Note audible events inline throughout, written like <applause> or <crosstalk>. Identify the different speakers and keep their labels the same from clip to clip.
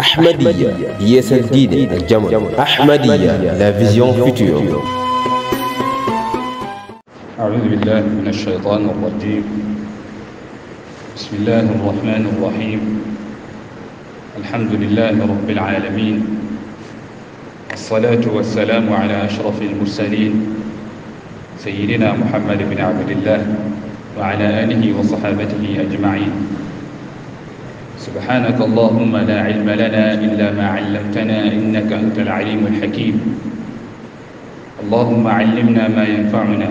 Speaker 1: أحمدية ISLDD et Jamal. أحمدية لا فيزيون future. أعوذ بالله من الشيطان الرجيم بسم الله الرحمن الرحيم الحمد لله رب العالمين الصلاة والسلام على أشرف المرسلين سيدنا محمد بن عبد الله وعلى آله وصحابته أجمعين سبحانك اللهم لا علم لنا إلا ما علمتنا إنك أنت العليم الحكيم اللهم علمنا ما ينفعنا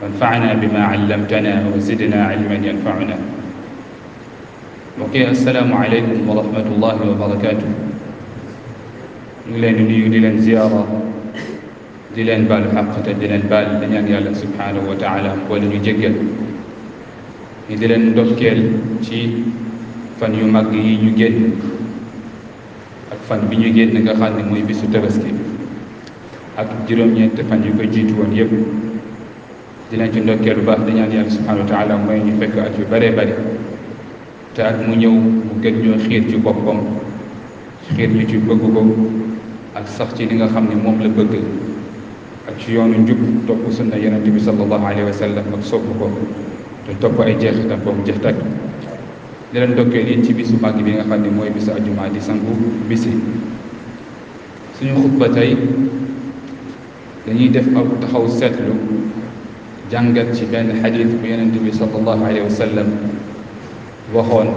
Speaker 1: وانفعنا بما علمتنا وزدنا علما ينفعنا وكي السلام عليكم ورحمة الله وبركاته لن دلن زيارة دلن بال حقة دلن بال دنيان يالا سبحانه وتعالى ولن يجقل دلن دوكيل شيء fan yu mag yi ñu génn ak fan bi ñu génn nga xam ne mooy bisu tabaski ak juróom-ñeent fan yu ko jiitu woon yëpp di leen ci ndokkee lu baax di ñaan yàlla subhanahu wa taala mooy ñu fekk at yu bëree bëri te at mu ñëw mu gën ñoo xiir ci boppam xiir ñu ci bëgg ko ak sax ci li nga xam ne moom la bëgg ak ci yoonu njub topp sunna yonent bi sallallahu alayhi wa sallam ak sopp ko te topp ay jeexitam boobu jeex takk di leen dokkeel yéen ci bisu màgg bi nga xam ni mooy bisu ajuma di sangu bisi suñu xutba tey dañuy def ab taxaw seetlu jàngat ci benn xadis bu yonent bi sallallahu alayhi wa sallam waxoon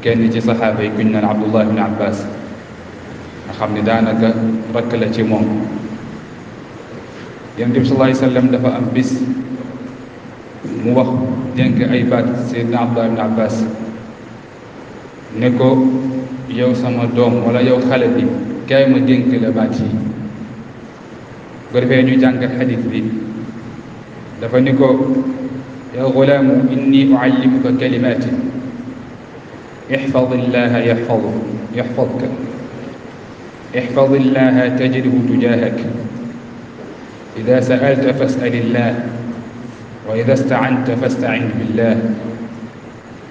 Speaker 1: kenn ci saxaaba yi kuñ naan abdullah xam ne daanaka rakk la ci moom yonent bi sallallahu alayhi wa sallam dafa am bis mu wax dénk ay baat seydna abdullah ibn abbas ne ko yow sama doom wala yow xale bi kaay ma dénk la baat yi bu defee ñu jàngat xadis bi dafa ni ko ya gulaamu inni uallimuka kalimaati ixfad illaha yaxfadu yaxfadka ixfad illaha tajidhu tujahak ida saalta fasal illah وإذا استعنت فاستعن بالله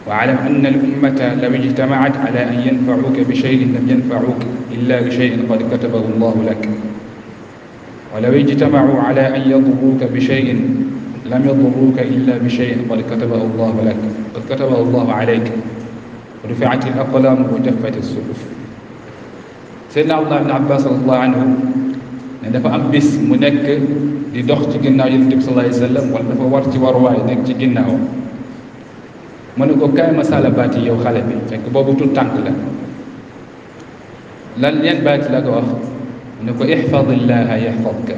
Speaker 1: واعلم أن الأمة لو اجتمعت على أن ينفعوك بشيء لم ينفعوك إلا بشيء قد كتبه الله لك ولو اجتمعوا على أن يضروك بشيء لم يضروك إلا بشيء قد كتبه الله لك قد كتبه الله عليك ورفعت الأقلام وجفت الصحف سيدنا عبد الله بن عباس رضي الله عنه عندما dafa منك di dox ci ginnaaw yeen tib sallallahu alayhi wasallam wala dafa war ci war way nek ci ginnaawam mané ko kay ma sala bati yow xale bi fekk bobu tu tànk la lan yan bati la ko wax ne ko ihfadillaha yahfadka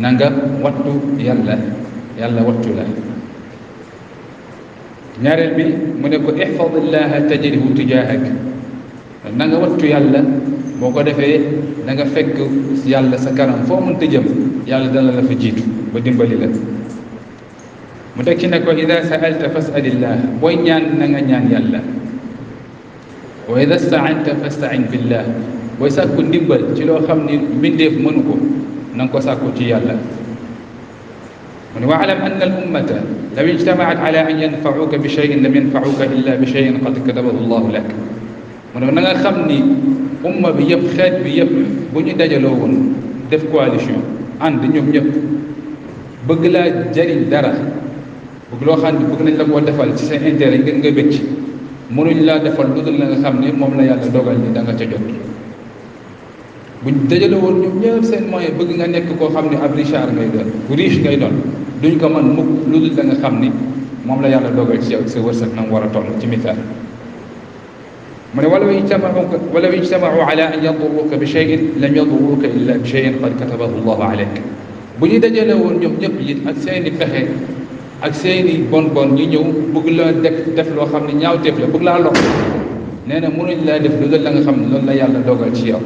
Speaker 1: na nga wattu yàlla yàlla wattu la ñaarel bi mu ne ko ihfadillaha tajrihu tijahak nanga wattu yàlla boko defé da nga fekk yàlla sa karam fo mën ta jëm yàlla dana la fa jitu ba dimbali la mu tek ci ne ko idha saalta fasalillah boy ñaan na nga ñaan yàlla wa idha staanta fastain billah booy sàkku dimbal ci loo xam ni mbindeef nang ko na ko sàkku ci yàlla من واعلم أن الأمة لو اجتمعت على أن ينفعوك بشيء لم ينفعوك إلا بشيء قد كتبه الله لك mu ne na nga xam ni umma bi yëpp xeet bi yëpp bu ñu dajaloo woon def coalition ànd ñoom ñëpp bëgg laa jariñ dara bëgg loo xam ne bëgg nañ la koo defal ci seen intérêt ngeen nga bëcc mënuñ laa defal lu dul la nga xam ne moom la yàlla dogal ni da nga ca jot buñ dajaloo woon ñoom ñëpp bëgg nga nekk ko xam ne ab richard ngay doon bu riche ngay doon duñ ko mën mukk lu dul la xam ni moom la yàlla dogal ci yow sa wërsëg na mu war a toll ci misaal من ولو اجتمعوا ولو اجتمعوا على ان يضروك بشيء لم يضروك الا بشيء قد كتبه الله عليك بني دجلو نيو نيب نيت اك سيني فخه اك سيني بون بون ني نيو بوغ لا ديك ديف لو خامني نياو تيف لا بوغ لا لو نينا مونو لا ديف لو لا خام لون لا يالا دوغال سي ياو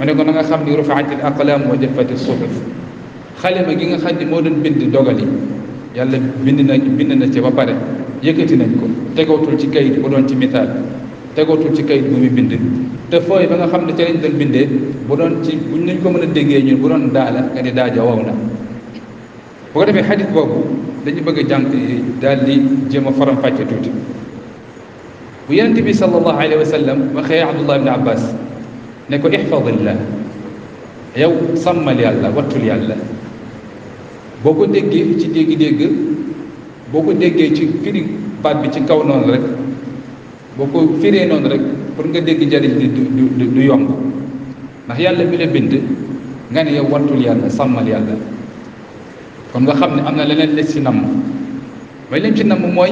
Speaker 1: مني كو نغا خام دي رفعت الاقلام وجفت الصحف خالي ما جيغا خاندي مودن بند دوغالي يالا بند نا بند نا سي با باري yëkëti nañ ko tegootul ci kayit bu doon ci misaal tegootul ci kayit bu muy bind te fooy ba nga xam ne ca lañ doon bindee bu doon ci buñ nañ ko mën a déggee ñun bu doon daala nga ni daaja waw na bu ko defee xadit boobu dañu bëgg a yi daal di jéem a faram fàcce tuuti bu yonent bi sal allahu alayhi wa sallam waxee abdullah ibne abbas ne ko ihfadillah yow sàmmal yàlla wattul yàlla boo ko déggee ci dégg-dégg boo ko déggee ci firi baat bi ci kaw noonu rek boo ko firee noonu rek pour nga dégg njariñ li du du du yomb ndax yàlla bi la bind nga ne yow wattul yàlla sàmmal yàlla kon nga xam ne am na leneen les ci namm mooy leen ci mooy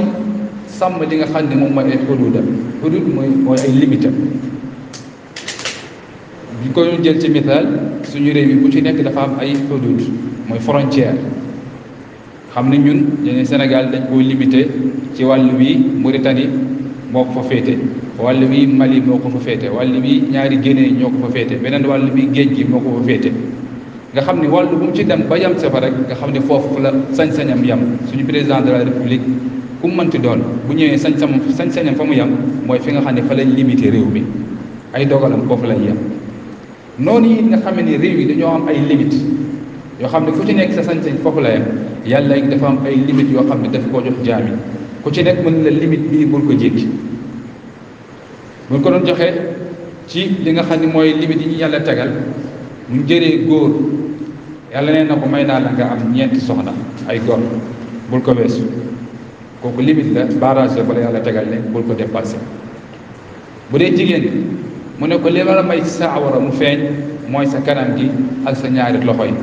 Speaker 1: sàmm li nga xam ne moom mooy ay xududa xudud mooy ay limite bi ko jël ci misaal suñu réew yi bu ci nekk dafa am ay xudud mooy frontière xam ne ñun dañuy Sénégal dañ koo limité ci wàll wi Mauritanie moo ko fa féete wàll wi Mali moo ko fa féete wàll wi ñaari Guinée ñoo ko fa féete beneen wàll bi géej gi moo ko fa féete nga xam ni wàllu bu mu ci dem ba yam sa fa rek nga xam ne foofu la sañ-sañam yam suñu président de la république ku mu doon bu ñëwee sañ-sam sañ-sañam fa mu yam mooy fi nga xam ne fa lañ limité réew mi ay dogalam foofu lañ yam noonu yi nga xam ne réew yi dañoo am ay yoo xam ne ku ci nekk sa sañ-sañ foofu la yem yàlla it dafa am ay limites yoo xam ne daf koo jox jaami ku ci nekk mën la limite bii bul ko jéggi buñ ko doon joxee ci li nga xam ne mooy limites yi ñu yàlla tegal mu jëre góor yàlla nee na ko may naa la nga am ñeenti soxna ay góor bul ko weesu kooku limite la barrage la yàlla tegal ne bul ko def dépassé bu dee jigéen mu ne ko li la may sa awara mu feeñ mooy sa kanam gi ak sa ñaari loxo yi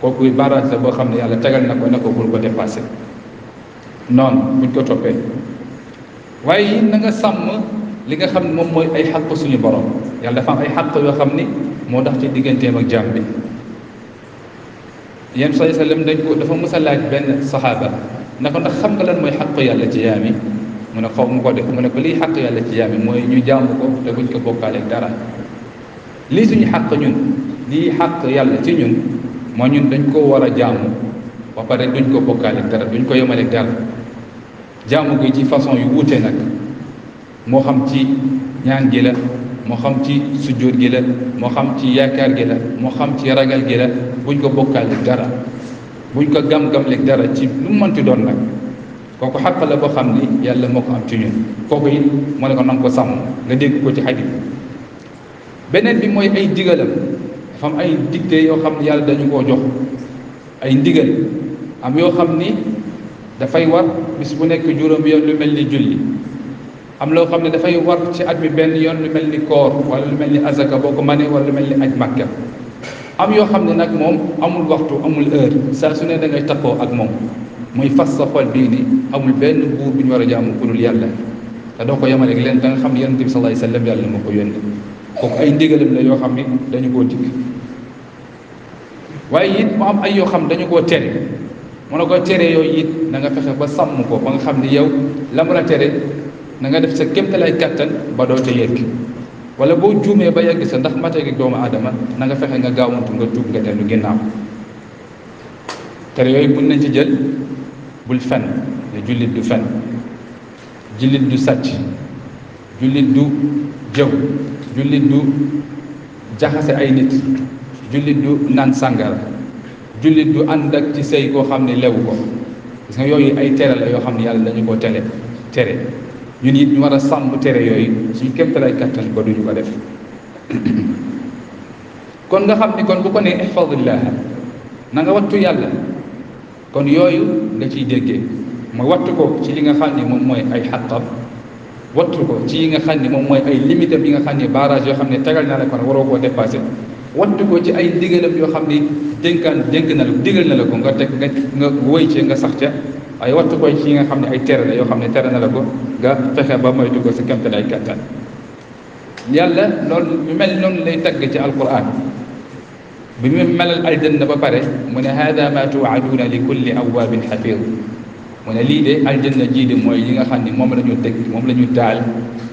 Speaker 1: kooku barrage la boo xam ne yàlla tegal na ko ne ko bul ko dépassé noonu buñ ko toppee waaye na nga sàmm li nga xam ne moom mooy ay xàq suñu borom yàlla dafa am ay xàq yoo xam ni moo tax ci digganteem ak jaam bi yéen saa dañ ko dafa mës a laaj benn saxaaba na ko ndax nga lan mooy xàq yàlla ci jaam yi mu ne xaw mu ko def lii xàq yàlla ci jaam mooy ñu jaamu ko te buñ ko bokkaaleeg dara lii suñu xàq ñun lii xàq yàlla ci ñun. mooy ñun dañ ko war a jaamu ba pare duñ ko bokkaale dara duñ ko yemale dara jaamu gi ci façon yu wuute nag moo xam ci ñaan gi la moo xam ci sujjóot gi la moo xam ci yaakaar gi la moo xam ci ragal gi la buñ ko bokkaale dara buñ ko gam-gamle dara ci lu mu mënti doon nag kooku xàq la boo xam ni yàlla moo ko am ci ñun kooku it moo ne ko nanga ko sàmm nga dégg ko ci xadis beneen bi mooy ay digalam dafa am ay digte yoo xam ne yàlla dañu koo jox ay ndigal am yoo xam ni dafay war bis bu nekk juróom yoon lu mel ni julli am loo xam ne dafay war ci at mi benn yoon lu mel ni koor wala lu mel ni azaka boo ko manee wala lu mel ni aj màkka am yoo xam ne nag moom amul waxtu amul heure saa su ne da ngay takkoo ak moom muy fas sa xol bii ni amul benn buur bu ñu war a jàmm ku dul yàlla te doo ko yemale leen da xam ne yonent bi sallallahu alayhi wa sallam yàlla moo ko yónni kooku ay ndigalam la yoo xam ne dañu waaye it mu am ay yoo xam dañu ko tere mu ne ko tere yooyu it nanga nga fexe ba sàmm ko ba nga xam ni yow la mu la tere na nga def sa kéemtalaay kàttan ba doo ca yegg wala boo juumee ba yegg sa ndax mate gi doomu aadama na nga fexe nga gaawantu nga tuub nga dellu ginnaaw tere yooyu mën nañ ci jël bul fen ne jullit du fen jullit du sàcc jullit du jëw jullit du jaxase ay nit jullit du naan sàngara jullit du ànd ak ci sëy koo xam ne lewu ko parce que yooyu ay tere la yoo xam ne yàlla dañu koo tele tere ñun it ñu war a sàmm tere yooyu suñu kéemtalaay kattan ba duñu ko def <coughs> kon nga xam ni kon bu ko nee ihfadillah na nga wattu yàlla kon yooyu nga ciy déggee ma wattu ko ci li nga xam ne moom mooy ay xàqam wattu ko ci yi nga xam ne moom mooy ay limitam yi nga xam ni barrage yoo xam ne tegal na la kon waroo koo dépassé wattu ko ci ay ndigalam yoo xam ni dénkaan dénk na la digal na ko nga teg nga wëy ci nga sax ca ay wattu ko ci nga xam ne ay tere la yoo xam ne tere na la ko nga fexe ba moytu ko sa kemte lay kàttan yàlla loolu mel noonu lay tagg ci alquran bi mu melal na ba pare mu ne hada ma tuwaaduuna li kulli awwaabin xafiid mu ne lii de na jii de mooy li nga xam ni moom la ñu teg moom la ñu daal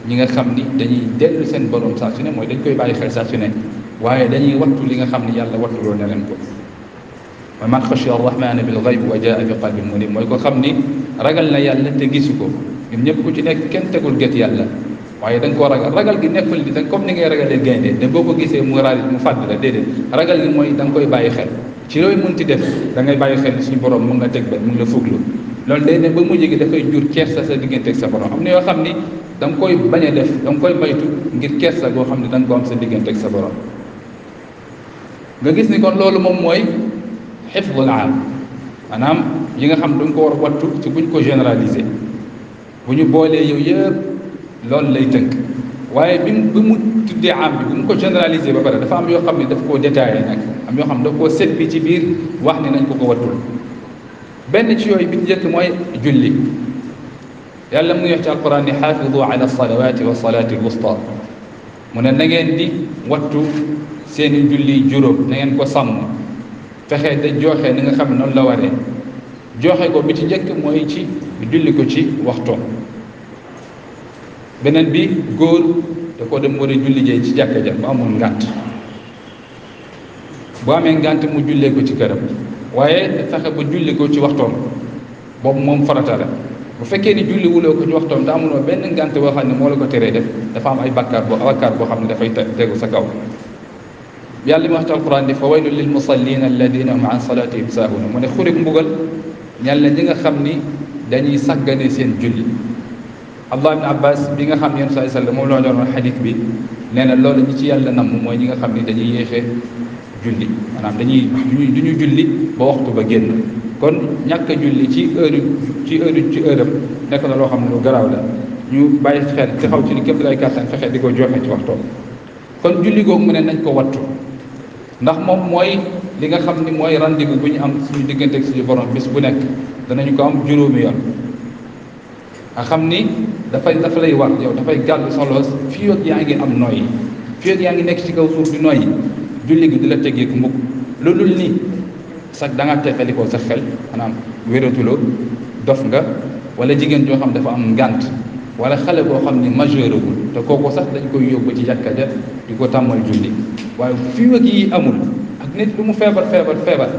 Speaker 1: ñi nga xam ni dañuy dellu seen borom saa su ne mooy dañ koy bàyyi xel waaye dañuy wattu li nga xam ne yàlla wattuloo na leen ko wa man xashiya arrahmana bil ghayb wa jaa bi qalbin munib mooy ko xam ni ragal na yàlla te gisu ko ñun ñëpp ku ci nekk kenn tegul get yàlla waaye da nga ragal ragal gi nekkul ni danga comme ni ngay ragalee gaynde ne boo ko gisee mu raalit mu fàdd la déedéet ragal gi mooy da koy bàyyi xel ci looy mun ti def da ngay bàyyi xel suñu borom mu nga teg ba mu ngi la fuglu loolu day ne ba mujj gi dafay jur kersa sa diggante ak sa borom am na yoo xam ni da nga koy bañ a def da nga koy maytu ngir kersa goo xam ne da nga ko am sa diggante sa borom nga gis ni kon loolu moom mooy xifdul aam maanaam yi nga xam dañ ko war a wattu ci buñ ko généralisé bu ñu boolee yow yëpp loolu lay tënk waaye bi bi mu tuddee am bi bu mu ko généralisé ba pare dafa am yoo xam ne daf koo détaillé nag am yoo xam daf koo set bi ci biir wax ne nañ ko ko wattul benn ci yooyu bi njëkk mooy julli yàlla mu ngi wax ci alquran ni xaafidu ala salawaati wa salaati alwusta mu ne na ngeen di wattu seeni julli juróom nangeen ko sàmm fexe te joxe ni nga xam ne noonu la waree joxe ko bi ci njëkk mooy ci julli ko ci waxtoom beneen bi góor da dem war a julli ci jàkka ja bu amoon ngànt bu amee ngànt mu jullee ko ci këram waaye fexe ba julli ko ci waxtoom boobu moom farata bu fekkee ni julli wuloo ko ci waxtoom te amuloo boo xam ne la ko teree def dafa am ay bakkaar boo bakkaar boo xam ne dafay tegu sa kaw بيالي محتوى القرآن دي فويل للمصلين الذين هم عن صلاتهم ساهون من خوريك مبغل نيالا جيغا خمني داني ساقاني سين جل الله بن عباس بيغا خمني صلى الله عليه وسلم مولو عجر الحديث بي لأن اللولة نيتي يالا نمو مو جيغا خمني داني ييخي جل أنا عم داني دنيو جل بوقت بجن كون نيكا جل تي أرد تي أرد تي أرد نكنا لو خمنا لو غراولا ñu bàyyi xel ci xaw ci li képp day kàttan fexe di ko joxe ci waxtoo kon julli googu ndax moom mooy li nga xam ni mooy rendez-vous bu ñu am suñu diggante ak suñu borom bis bu nekk danañu ko am juróomi yoon nga xam ni dafay dafa lay war yow dafay gàll solos fii ak yaa ngi am nooyi fii yaa ngi nekk ci kaw suuf di nooyi julli gi di la tegeeku mukk loolu ni sax da nga teqalikoo sa xel maanaam wératuloo dof nga wala jigéen joo xam dafa am ngànt wala xale boo xam ni majeuragul te kooku sax dañ koy yóbbu ci jàkka ja di ko tàmmal julli waaye fii ak yi amul ak nit lu mu feebar feebar feebar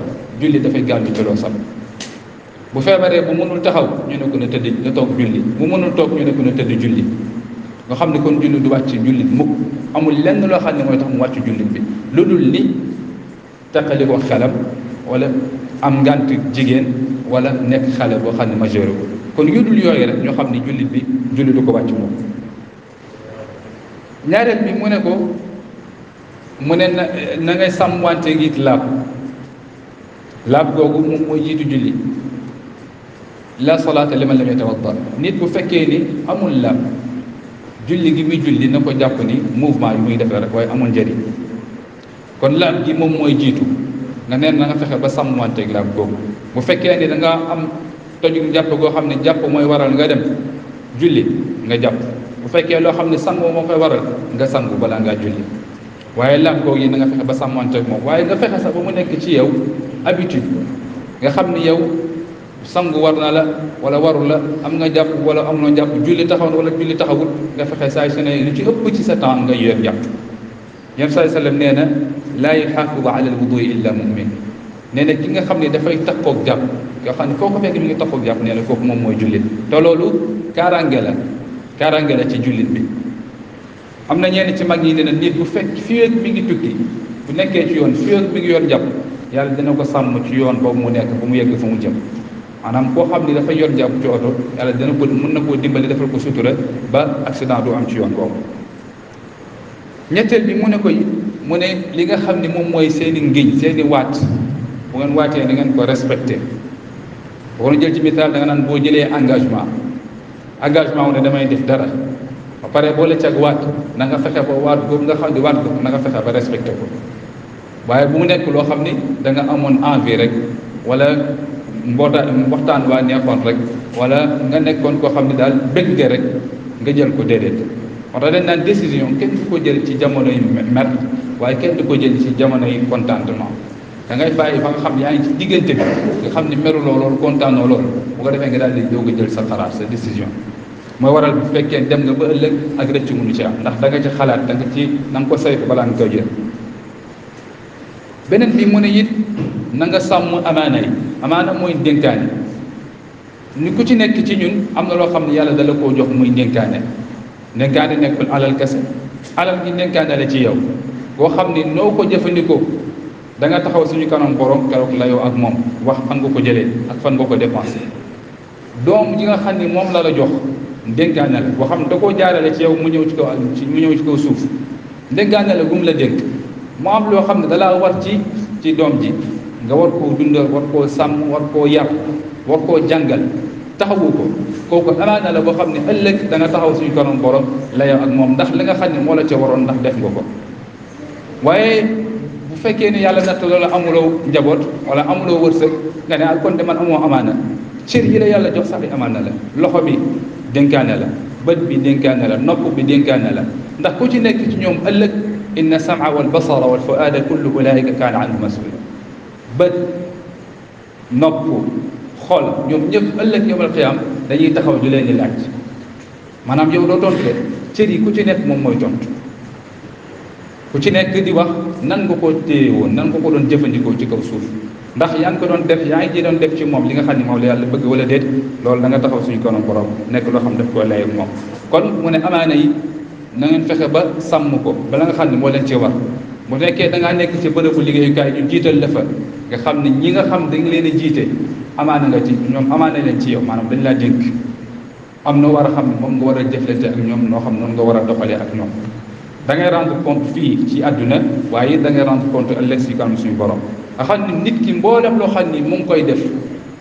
Speaker 1: julli dafay gàllu ci loo bu feebaree bu mënul taxaw ñu ne ko na tëdd na toog julli mu mënul toog ñu ne ko na tëdd julli nga xam ne kon julli du wàcc jullit mukk amul lenn loo xam ne mooy tax mu wàcc jullit bi lu dul ni taqali ko xelam wala am ngànt jigéen wala nekk xale boo xam ne majeur ko kon yu dul yooyu rek ñoo xam ne jullit bi julli du ko wàcc moom ñaareel bi mu ne ko mu ne na na ngay sàmmwante ngiit laab laab googu moom mooy jiitu julli la salaata liman lam yatawadda nit bu fekkee ni amul laab julli gi mu julli na ko jàpp ni mouvement yi muy defee rek waaye amul njëriñ kon laab gi moom mooy jiitu nga neen nanga fexe ba sàmmanteeg laab googu bu fekkee ni danga am tojug jàpp goo xam ne jàpp mooy waral nga dem julli nga jàpp bu fekkee loo xam ne sangoo moo koy waral nga sangu balaa ngaa julli waaye làngoo yi na nga fexe ba sàmmante ak moom waaye nga fexe sax ba mu nekk ci yow habitude nga xam ne yow sangu war na la wala waru la am nga jàpp wala am noo jàpp julli taxaw na wala julli taxawul nga fexe saay su ne lu ci ëpp ci sa temps nga yor jàpp yam saay sallam nee na laa yuxaafidu ala alwudu illa mumin nee na ki nga xam ne dafay takkoog jàpp nga xam ne foo ko fekk mi ngi takkoog jàpp nee la kooku moom mooy jullit te loolu kaaraange la kaaraange la ci jullit bi am na ñenn ci mag ñi ne na nit bu fekk fii mi ngi tukki bu nekkee ci yoon fii mi ngi yoon jàpp yàlla dana ko sàmm ci yoon boobu mu nekk bu mu yegg fu mu jëm maanaam koo xam ni dafa yor jàpp ci oto yàlla dina ko mën na koo dimbali defal ko sutura ba accident du am ci yoon boobu ñetteel bi mu ne ko mu ne li nga xam ni moom mooy seeni ngiñ seeni waat bu ngeen waatee na ngeen ko respecté boo jël ci misaal da nga naan boo jëlee engagement engagement wu ne damay def dara ba pare boo la ak waat na nga fexe ba waat googu nga xam ne waat googu na nga fexe ba respecté ko waaye bu mu nekk loo xam ni da nga amoon envie rek wala mboota waxtaan waa neexoon rek wala nga nekkoon koo xam ne daal bëgg nga rek nga jël ko déedéet moo tax dañ naan décision kenn du ko jël ci jamono yi mer waaye kenn du ko jël ci jamono yi contentement dangay ngay bàyyi fa nga xam yaa ngi ci diggante bi nga xam ni meruloo loolu kontaanoo loolu bu ko defee nga dal di doog a jël sa xalaat sa décision mooy waral bu fekkee dem nga ba ëllëg ak rëcc mënu ci am ndax da ci xalaat da ci na ko saytu balaa nga koy jël beneen bi mu ne it na nga sàmm amaana yi mooy dénkaane ni ku ci ci ñun am na loo xam ne yàlla dala koo jox muy dénkaane dénkaane nekkul alal kese alal gi dénkaane la ci yow koo xam ni noo ko jëfandikoo da nga taxaw suñu kanam borom keroog layoo ak moom wax fan nga ko jëlee ak fan nga ko dépensé doom ji nga xam ni moom la la jox dénkaane la boo xam ne da koo jaarale ci yow mu ñëw ci kaw ak mu ñëw ci kaw suuf dénkaane gum la dénk mu am loo xam ne dalaa war ci ci doom ji nga war koo dundal war koo sàmm war koo yàpp war koo jàngal taxawu ko kooku amaana la boo xam ne ëllëg da nga taxaw suñu kanam borom layoo ak moom ndax li nga xam ne moo la ca waroon ndax def nga ko waaye bu fekkee ne yàlla natt loola amuloo njaboot wala amuloo wërsëg nga ne ah kon de man amoo amaana cër yi la yàlla jox sax bi amaana la loxo bi dénkaane la bët bi dénkaane la nopp bi dénkaane la ndax ku ci nekk ci ñoom ëllëg inna sama wal basara wal fuaada kullu ulaika kaana anhu masuula bët nopp xol ñoom ñëpp ëllëg yawmal qiyaam dañuy taxaw ju leen di laaj maanaam yow doo tontu de cër yi ku ci nekk moom mooy tontu ku ci nekk di wax nan nga ko téye nan nga ko doon jëfandikoo ci kaw suuf ndax yaa ngi ko doon def yaa ngi ji doon def ci moom li nga xam ne moom la yàlla bëgg wala déet loolu da nga taxaw suñu kanam borom nekk loo xam daf koy lay moom kon mu ne amaana na ngeen fexe ba sàmm ko bala nga xam ne moo leen ci war bu nekkee da ngaa nekk ci bërëbu liggéeyukaay ñu jiital la fa nga xam ne ñi nga xam dañ leen a jiite amaana nga ci ñoom amaana leen ci yow maanaam dañ laa dénk am na war a xam ne moom nga war a jëflante ak ñoom noo xam noon nga war a doxalee ak ñoom da ngay rendre compte fii ci àdduna waaye da ngay rend compte ëllëg si suñu borom nga xam ne nit ki mboolem loo xam ni mu ngi koy def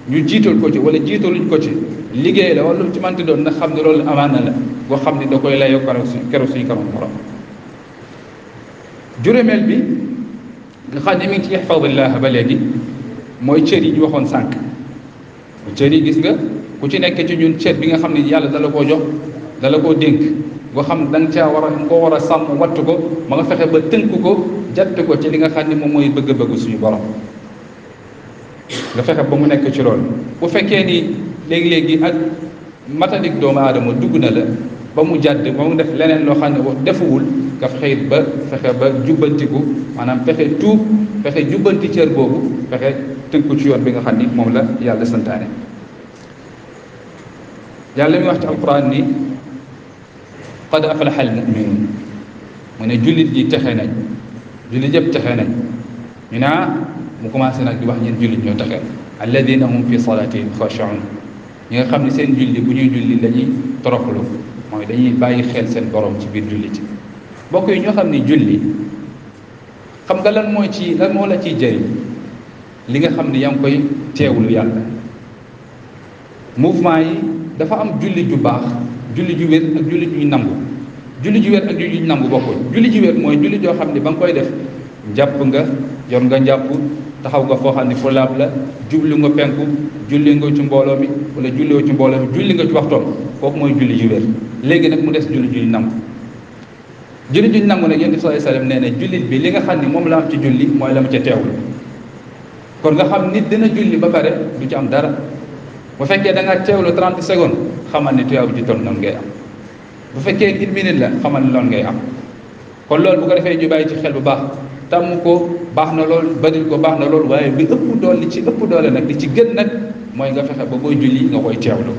Speaker 1: ñu jiital ko ci wala jiitaluñ ko ci liggéey la wala lu ci mënti doon na xam ne loolu amaana la boo xam ne da koy layoo keroog suñu kanam borom juróomeel bi nga xam ne ci ngi ci ihfadillah ba léegi mooy cër yi ñu waxoon sànq cër yi gis nga ku ci nekk ci ñun cër bi nga xam ne yàlla dala koo jox dala koo dénk nga xam da nga caa war a koo war a sàmm wattu ko ma nga fexe ba tënk ko jatt ko ci li nga xam ne moom mooy bëgg-bëgg suñu borom nga fexe ba mu nekk ci loolu bu fekkee nii léegi-léegi ak matadik doomu aadama dugg na la ba mu jàdd ba mu def leneen loo xam ne defuwul nga fexe ba fexe ba jubbantiku maanaam fexe tuub fexe jubbanti cër boobu fexe tënku ci yoon bi nga xam ni moom la yàlla santaane yàlla mi wax ci alquran ni la aflaha al muminuun mu ne jullit yi texe nañ jullit yëpp texe nañ ñu naa ah, mu commencé nag di wax ñeen jullit ñoo texe alladina hum fi salatihim xashaun ñi nga xam ne seen julli bu ñuy julli dañuy toroxlu mooy dañuy bàyyi xel seen boroom ci biir julli ci mbokk yi ñoo xam ne julli xam nga lan mooy ci lan moo la ci jëriñ li nga xam ni yaa ngi koy teewlu yàlla mouvement yi dafa am julli ju baax julli yu wér ak julli juy nangu julli ji wet ak julli ji nangu bokkul julli ji wet mooy julli joo xam ne ba nga koy def jàpp nga yor nga njàpp taxaw nga foo xam ne fu laab la jublu nga penku julli nga ci mbooloo mi wala julliwoo ci mbooloo mi julli nga ci waxtoom kooku mooy julli ji wér léegi nag mu des julli ji nangu julli ji nangu nag yonent bi sallallahu alayhi wasallam nee na jullit bi li nga xam ni moom laa am ci julli mooy la mu teew teewlu kon nga xam nit dina julli ba pare du ci am dara bu fekkee da nga teewlu 30 secondes xamal ne tuyaab ji toll noonu bu fekkee une minute la xamal ne ngay am kon lool bu ko defee ñu bàyyi ci xel bu baax tàmm ko baax na lool badil ko baax na lool waaye bi ëpp doole li ci ëpp doole nag li ci gën nag mooy nga fexe ba booy julli nga koy teewlu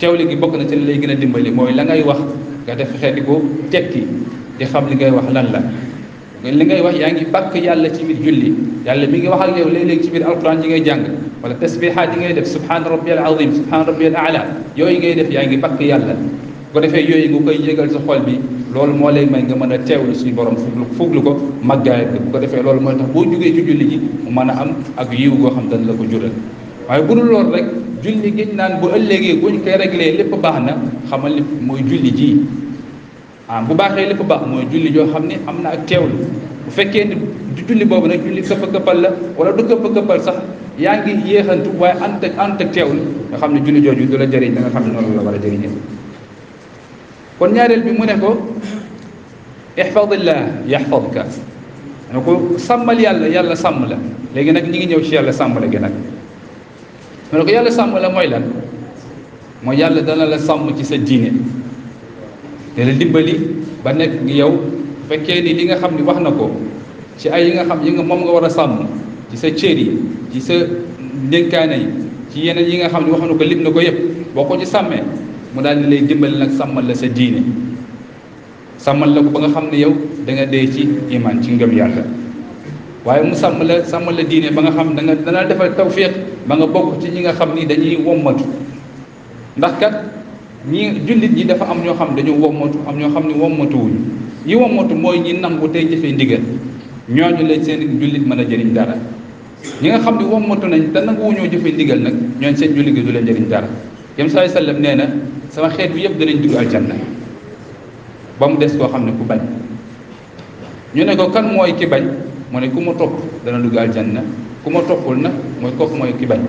Speaker 1: teewlu gi bokk na ci li lay gën dimbali mooy la ngay wax nga def fexe di ko tekki di xam li ngay wax lan la li ngay wax yaa ngi bàkk yàlla ci biir julli yàlla mi ngi wax ak yow léeg-léeg ci biir alquran yi ngay jàng wala tasbihaat yi ngay def subhaana rabbiyal azim subhaana rabbiyal aala yooyu ngay def yaa ngi bàkk yàlla bu ko defee yooyu bu koy yëgal sa xol bi loolu moo lay may nga mën a teew teewlu suñu borom fuglu fuglu ko màggaay bu ko defee loolu mooy tax boo jugee ci julli gi mu mën am ak yiw goo xam dañ la ko jural waaye bu dul rek julli gi naan bu ëllëgee buñ koy réglé lépp baax na xamal ni mooy julli ji ah bu baaxee lépp baax mooy julli joo xam ne am na ak li bu fekkee ni du julli boobu nag julli këpp këppal la wala du këpp këppal sax yaa ngi yéexantu waaye ànd ak ànd ak teewlu nga xam ne julli jooju du la jëriñ da nga xam ne noonu la war a jëriñee kon ñaareel bi mu ne ko ihfadillah yahfadka ne ko sàmmal yàlla yàlla sàmm la léegi nag ñi ngi ñëw ci yàlla sàmm la gi nag mu ne ko yàlla sàmm la mooy lan mooy yàlla dana la sàmm ci sa diine dana dimbali ba nekk yow fekkee ni li nga xam ni wax na ko ci ay yi nga xam yi nga moom nga war a sàmm ci sa cër yi ci sa ndénkaane yi ci yeneen yi nga xam ne wax na ko lim na ko yëpp boo ko ci sàmmee mu daal di lay dimbali nag sàmmal la sa diine sàmmal la ko ba nga xam ne yow danga nga dee ci iman ci ngëm yàlla waaye mu sàmm la sàmmal la diine ba nga xam da nga danaa defal tawfiq ba nga bokk ci ñi nga xam ni dañuy wommatu ndax kat ñi jullit ñi dafa am ñoo xam dañoo wommatu am ñoo xam ne wommatuwuñu ñi wommatu mooy ñi nangu tey jëfee ndigal ñooñu lañ seen jullit mën a jëriñ dara ñi nga xam ni wommatu nañ te nanguwuñoo jëfee ndigal nag ñooñ seen jullit gi du leen jëriñ dara yam saay nee na sama xeet bi yëpp danañ dugg aljanna ba mu des koo xam ne ku bañ ñu ne ko kan mooy ki bañ mu ne ku ma topp dana dugg aljanna ku ma toppul nag mooy kooku mooy ki bañ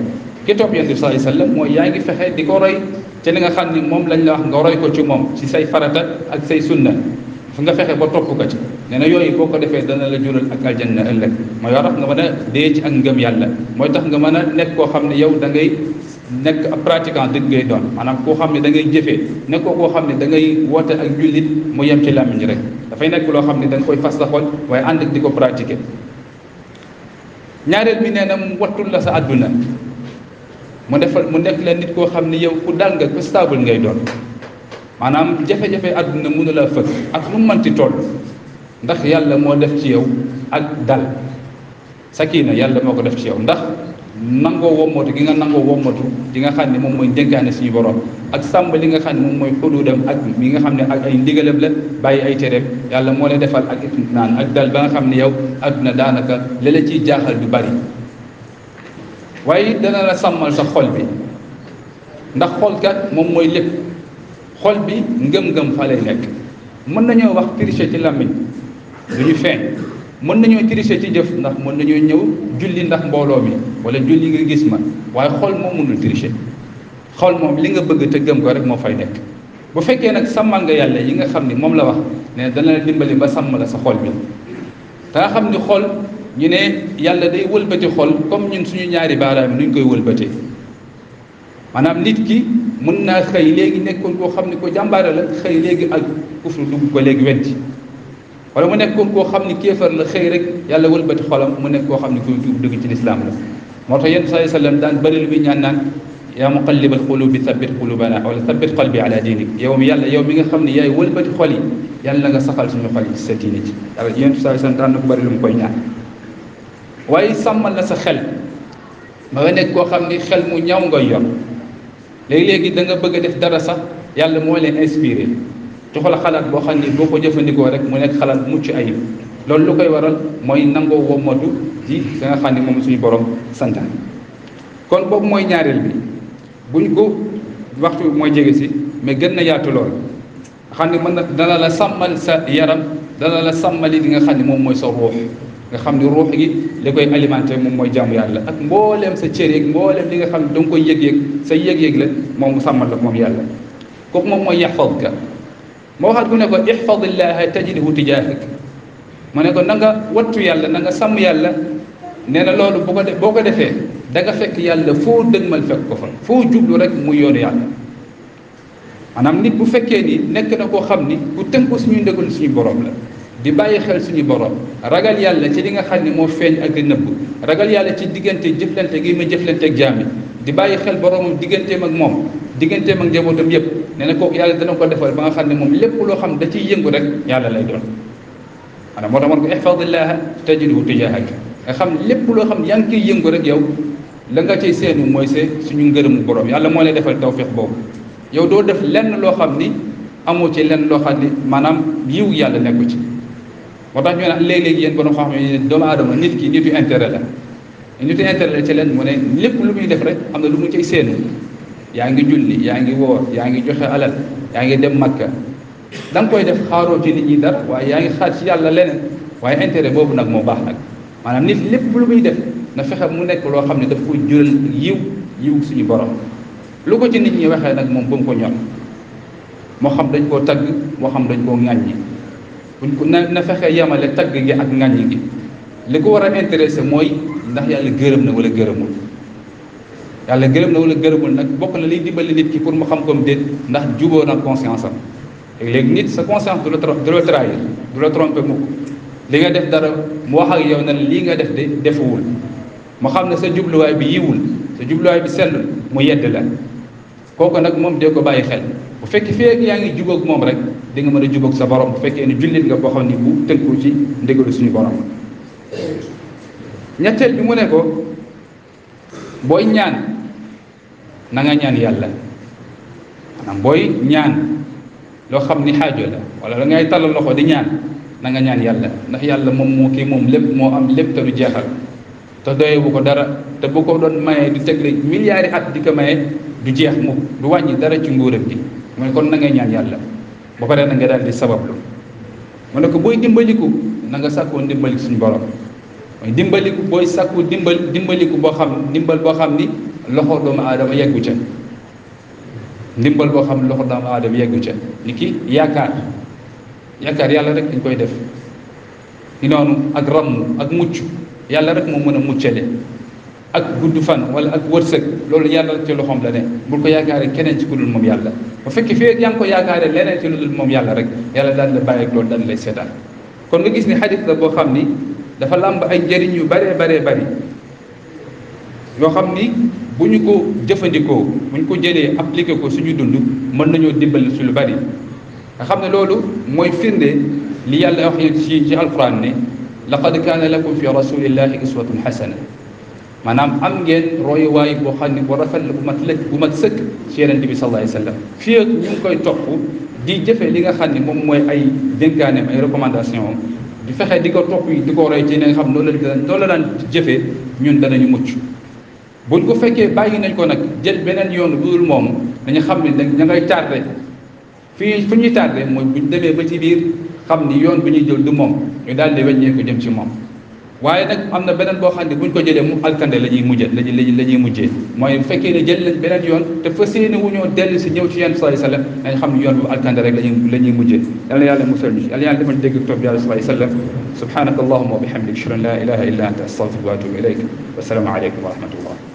Speaker 1: ki topp yonent bi sallallahu alayhi mooy yaa ngi fexe di ko roy ci li nga xam ne moom lañ la wax nga roy ko ci moom ci say farata ak say sunna fu nga fexe ba topp ko ci nee na yooyu boo ko defee dana la jural ak aljanna ëllëg mooy war nga mën a dee ci ak ngëm yàlla mooy tax nga mën a nekk koo xam ne yow dangay nekk ab pratiquant dëgg ngay doon maanaam koo xam ne da ngay jëfee nekkoo koo xam ne dangay ngay woote ak jullit mu yem ci làmmiñ rek dafay nekk loo xam ne da nga koy fas sa xol waaye ànd ak di ko pratiquer ñaareel mi nee na mu wattul la sa àdduna mu defal mu nekk leen nit koo xam ne yow ku dal nga ku ngay doon maanaam jafe-jafe àdduna mënu la fëkk ak lu mu mënti toll ndax yàlla moo def ci yow ak dal sakina yàlla moo ko def ci yow ndax nangoo wommatu gi nga nangoo wommatu di nga xam ne moom mooy dénkaane suñu borom ak sàmm li nga xam ne moom mooy xududam ak mi nga xam ne ak ay ndigalam la bàyyi ay tereem yàlla moo la defal ak naan ak dal ba nga xam ne yaw adduna daanaka li ciy jaaxal du bari waaye dana la sàmmal sa xol bi ndax xolkat moom mooy lépp xol bi ngëm-ngëm fa lay mën nañoo wax tricher ci làmmiñ duñu feeñ mën nañoo tricher ci jëf ndax mën nañoo ñëw julli ndax mbooloo mi wala julli nga gis ma waaye xol moom mënul tricher xol moom li nga bëgg te gëm ko rek moo fay nekk bu fekkee nag sàmmal nga yàlla yi nga xam ni moom la wax ne dana la dimbali ba sàmm la sa xol bi te nga xam ni xol ñu ne yàlla day wëlbati xol comme ñun suñu ñaari baaraam nuñ koy wëlbatee maanaam nit ki mën naa xëy léegi nekkoon koo xam ne ko jàmbaare la xëy léegi ak kufru dugg ko léegi wetti wala mu nek ko ko xamni kéfer la xëy rek yàlla wëlbati xolam mu nek ko xamni ko kuy tuub dugg ci l'islam la motax tax yéen saa sallam daan bëri lu muy ñaan naan muqallib al qulubi thabbit qulubana wala thabbit qalbi ala dinik yow mi yàlla yow mi nga xamni ne yaay wëlbati xol yi yàlla nga saxal suñu xol yi ci sa diine ci yàlla yéen saa sallam daan na ko bëri lu mu koy ñaan waaye samal la sa xel ma nga nek ko xamni xel mu ñaw nga yor leg legi da nga bëgg def dara sax yàlla mo leen inspirer jox la xalaat boo xam ni boo ko jëfandikoo rek mu nekk xalaat mucc ayib loolu lu koy waral mooy nangoo wommatu ji da nga xam ne moom suñu borom santaan kon boobu mooy ñaareel bi buñ ko waxtu mooy jege si mais gën na yaatu lool xam ne mën na dana la sàmmal sa yaram dana la sàmmali li nga xam ne moom mooy sa nga xam ne ruux gi koy alimenté moom mooy jaamu yàlla ak mbooleem sa cër yeeg mbooleem li nga xam ne da koy yëg-yëg sa yëg-yëg la moom mu sàmmal la moom yàlla kooku moom mooy yaxfad ka ma waxaat ku ne ko ihfadillaha tajidhu tijaahak ma ne ko nanga nga wattu yàlla na nga sàmm yàlla nee na loolu bu ko de boo ko defee da nga fekk yàlla foo dëgmal fekk ko fa foo jublu rek mu yoonu yàlla maanaam nit bu fekkee ni nekk na koo xam ni ku ko suñu ndëgal suñu borom la di bàyyi xel suñu borom ragal yàlla ci li nga xam ne moo feeñ ak di nëbb ragal yàlla ci diggante jëflante gi ma jëflante ak jaam yi di bàyyi xel boromam digganteem ak moom digganteem ak njabootam yépp nee na kooku yàlla dana ko defal ba nga xam ne moom lépp loo xam da ciy yëngu rek yàlla lay doon maanaam moo tax man ko ihfadillah tajidhu tijahak nga xam lépp loo xam yaa ngi ciy yëngu rek yow la nga cay seenu mooy see suñu ngërëmu borom yàlla moo lay defal tawfiq boobu yow doo def lenn loo xam ni amoo ci lenn loo xam ni maanaam yiw yàlla nekku ci moo tax ñu ne léeg-léeg yéen borom doomu aadama nit ki nitu intérêt la nitu intérêt la ci leen mu ne lépp lu muy def rek am na lu mu cay seenu yaa ngi julli yaa ngi woor yaa ngi joxe alal yaa ngi dem makka da nga koy def xaaroo ci nit ñi dara waaye yaa ngi xaar ci yàlla leneen waaye intérêt boobu nag moo baax nag maanaam nit lépp lu muy def na fexe mu nekk loo xam ne daf koy jural yiw yiw suñu borom lu ko ci nit ñi waxee nag moom bu mu ko ñor moo xam dañ koo tagg moo xam dañ koo ŋàññi buñ ko na na fexe yemale tagg gi ak ŋàññi gi li ko war a intéressé mooy ndax yàlla gërëm na wala gërëmul yàlla gërëm na wala gërëmul nag bokk na liy dimbali nit ki pour mu xam comme déet ndax juboo na conscience am léegi nit sa conscience du la du la trahir du la tromper mukk li nga def dara mu wax ak yow na lii nga def de defuwul mu xam ne sa jubluwaay bi yiwul sa jubluwaay bi sellul mu yedd la kooku nag moom dee ko bàyyi xel bu fekkee feek yaa ngi jubook moom rek di nga mën a jubook sa borom bu fekkee ni jullit nga boo xam ni bu tënku ci ndigalu suñu borom ñetteel bi mu ne ko booy ñaan na nga ñaan yàlla maanaam booy ñaan loo xam ni xaajo la wala la ngay tàllal loxo di ñaan na nga ñaan yàlla ndax yàlla ya moom moo kii moom lépp moo am lépp te du jeexal te doyewu ko dara te bu ko doon maye du tegle milliards at di ko du jeex mu du wàññi dara ci nguuram gi mu ne kon na ngay ñaan yàlla ba pare na nga daal di sabablu mu ne ko booy dimbaliku na nga sàkkoo ndimbali suñu borom mooy dimbaliku booy sàkku dimbal dimbaliku boo xam ndimbal boo xam ni loxo doomu aadama yeggu ca ndimbal boo xam ne loxo doomu aadama yeggu ca ni ki yaakaar yaakaar yàlla rek dañ koy def ci noonu ak ràmm ak mucc yàlla rek moo mën a muccale ak gudd fan wala ak wërsëg loolu yàlla ci loxoom la ne bul ko yaakaaree keneen ci ku moom yàlla bu fekkee fii yaa ko yaakaaree leneen ci lu moom yàlla rek yàlla daan la bàyyi ak loolu daan lay seetaan kon nga gis ni xadis la boo xam ni dafa làmb ay njëriñ yu bëree baree bëri yoo bu ñu ko jëfandikoo bu ñu ko jëlee appliqué ko suñu dund mën nañoo dimbali su lu bari nga xam ne loolu mooy firnde li yàlla wax ci ci alquran ne laqad kaana lakum fi rasulillahi uswatun xasana maanaam am ngeen royuwaay boo xam ne bu rafet la bu mat lëkk bu mat sëkk ci yonent bi sallallahu alayhi wa sallam fii ak ñu ngi koy topp di jëfe li nga xam ne moom mooy ay dénkaaneem ay recommandation di fexe di ko topp di ko roy ci ne nga xam noonu la daan noonu la daan jëfee ñun danañu mucc buñ ko fekkee bàyyi nañ ko nag jël beneen yoon bu dul moom dañu xam ne da ngay tardé fi fu ñuy tardé mooy buñ demee ba ci biir xam ni yoon bi ñuy jël du moom ñu daal di weññee ko jëm ci moom waaye nag am na beneen boo xam ne buñ ko jëlee mu alkande la ñuy mujjee la ñuy la ñuy mujjee mooy bu fekkee ne jël nañ beneen yoon te fas yéene wu dellu si ñëw ci yonent sallallahu alayhi wasallam dañ xam ne yoon bu alkande rek la ñuy la ñuy mujjee yal na yàlla musal ñu yal na yàlla defal dégg toog yàlla sallallahu alayhi wasallam subhanaka allahumma wa bihamdik ashhadu an la ilaha illa anta astaghfiruka wa atubu ilayk wa salaamu alaykum wa rahmatullah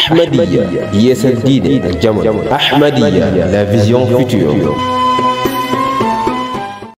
Speaker 1: احمديه هي سنتيدي الجمل احمديه لا فيزيون فيتور